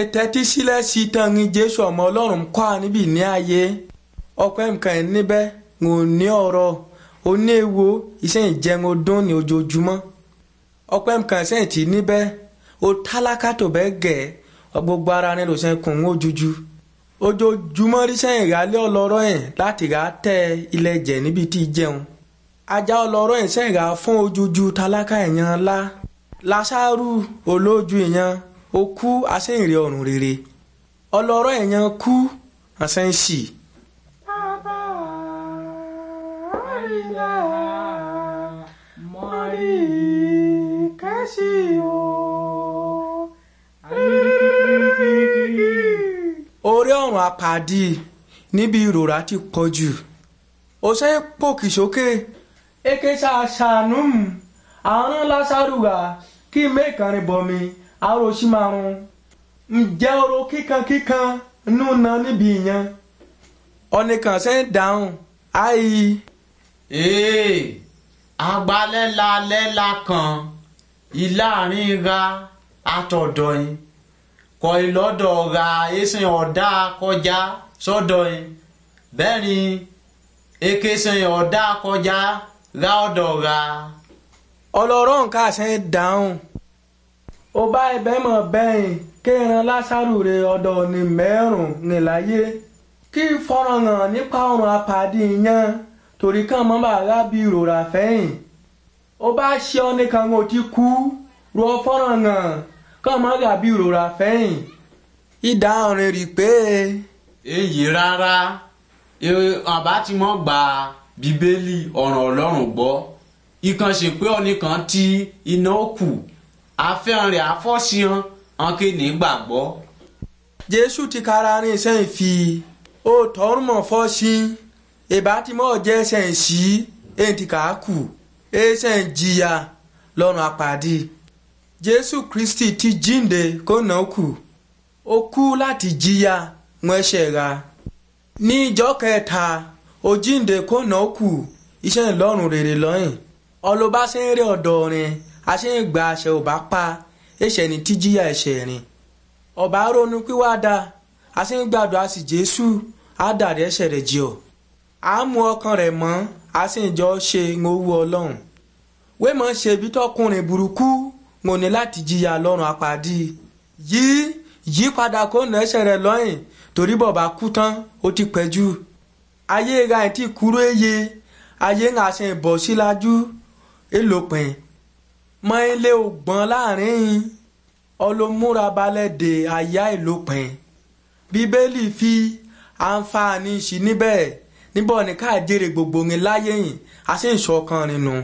ètẹ́tí sílẹ̀ sí tán ní jésù ọmọ ọlọ́run kọ́ à níbí ní ayé ọpẹ́ nǹkan ẹ̀ níbẹ̀ ń ní ọ̀rọ̀ oníèwo iṣẹ́ ìjẹun ọdún ní ojoojúmọ́ ọpẹ́ nǹkan ṣẹ́yìn tí níbẹ̀ o tálákà tó bẹ́ẹ̀ gẹ̀ gbogbo ara ní ló ṣẹ́yìn kùn ojújú ojoojúmọ́ rí ṣẹ́yìn ìhálẹ́ ọlọ́rọ̀ yẹn láti rà tẹ ilẹ̀ jẹ̀ níbi tí jẹun ajá ọlọ́rọ̀ yẹn ṣẹ́yìn rà fún ojújú tálákà ẹ̀yàn ó kú aṣẹ́yìnrere ọ̀run rere ọlọ́rọ̀ èèyàn kú àṣẹ́yìnsì. bàbá àríyá mọ́rí o. orí ọ̀run àpàdé níbi ìrora ti pọ̀ jù ó ṣe é pòkì sókè èké ṣàṣàánú àwọn ńlá kí mẹ́kànrin bọ̀ mi. aroṣimarun ǹjẹ́ oró n'u na n'ibi ìyẹn ọ̀nìkan ṣe ń dáhùn áyí. ee agbalela ala kan ilaarin ra àtọ̀dọ̀ yín kọ ìlọ́dọ̀ ra ẹ̀sìn ọ̀dà kọjá sọ́dọ̀ yín bẹ́ẹ̀ ni èkésìn ọ̀dà ra ọ̀dọ̀ ra. ọlọrọ nka ṣe ń ó bá ẹbẹ mọ bẹyìn kéran lásàrù rẹ ọdọ ní mẹrùn ní láyé kí fọrọhàn nípa ọrùn apàdé yan torí kàn mọ bàrà bí ìrora fẹyìn ó bá ṣe ọ nìkan ó ti kú rọ fọrọhàn kàn mọ gàbí ìrora fẹyìn ìdá ọ̀rìn rí pé. èyí rárá e, àbá tí wọ́n gba bíbélì ọ̀ràn ọlọ́run gbọ́ ìkànṣe pé ọ̀nìkan tí iná kù àfihàn rẹ̀ àfọ́síhan ànkè ní gbàgbọ́. jésù ti kára rìn sẹ́yìn fi ó tọrùmọ̀ fọ́ sí ìbátimọ̀ jẹ́ sẹ́yìn sí èyí ti kàá kù èyí sẹ́yìn jìyà lọ́nà àpàdé jésù kristi ti jíǹde kó nà ó kù ó kú láti jìyà wọn ẹ̀ṣẹ̀ ra ní ìjọ kẹta ó jíǹde kó nà ó kù iṣẹ́ ìlọ́run rere lọ́yìn ọlọ́ba ṣe ń rí ọ̀dọ́ rin àṣeyìngbà àṣẹ ò bá pa ẹ̀ṣẹ̀ ní tíjíyà ẹ̀ṣẹ̀ rìn ọba ronú píwádà àṣeyìngbàdo àṣì jésù àdàrí ẹ̀ṣẹ̀ rẹ̀ jẹ́ ọ àmú ọkàn rẹ̀ mọ́ àṣeyìnjọ ṣe owó ọlọ́run wémọ̀ ṣe ibi tọkùnrin burúkú mo ní láti jìyà lọ́rùn àpàdé yìí yí padà kó nà ẹ̀ṣẹ̀ rẹ̀ lọ́yìn torí bọ̀bá kú tán ó ti pẹ́ jù ayé ra ẹ̀ ti kúrò eye ayé ń àṣẹ ìbọ̀ sílájú èlòpin mọ́ilé ògbọ́n láàrin ọlọ́múra balẹ̀ dè àyà ìlópin bíbélì fi àǹfààní sí níbẹ̀ níbọ̀ ní káàjèrè gbogbo ní láyé yìí àṣẹ ìṣọ̀kan rinu.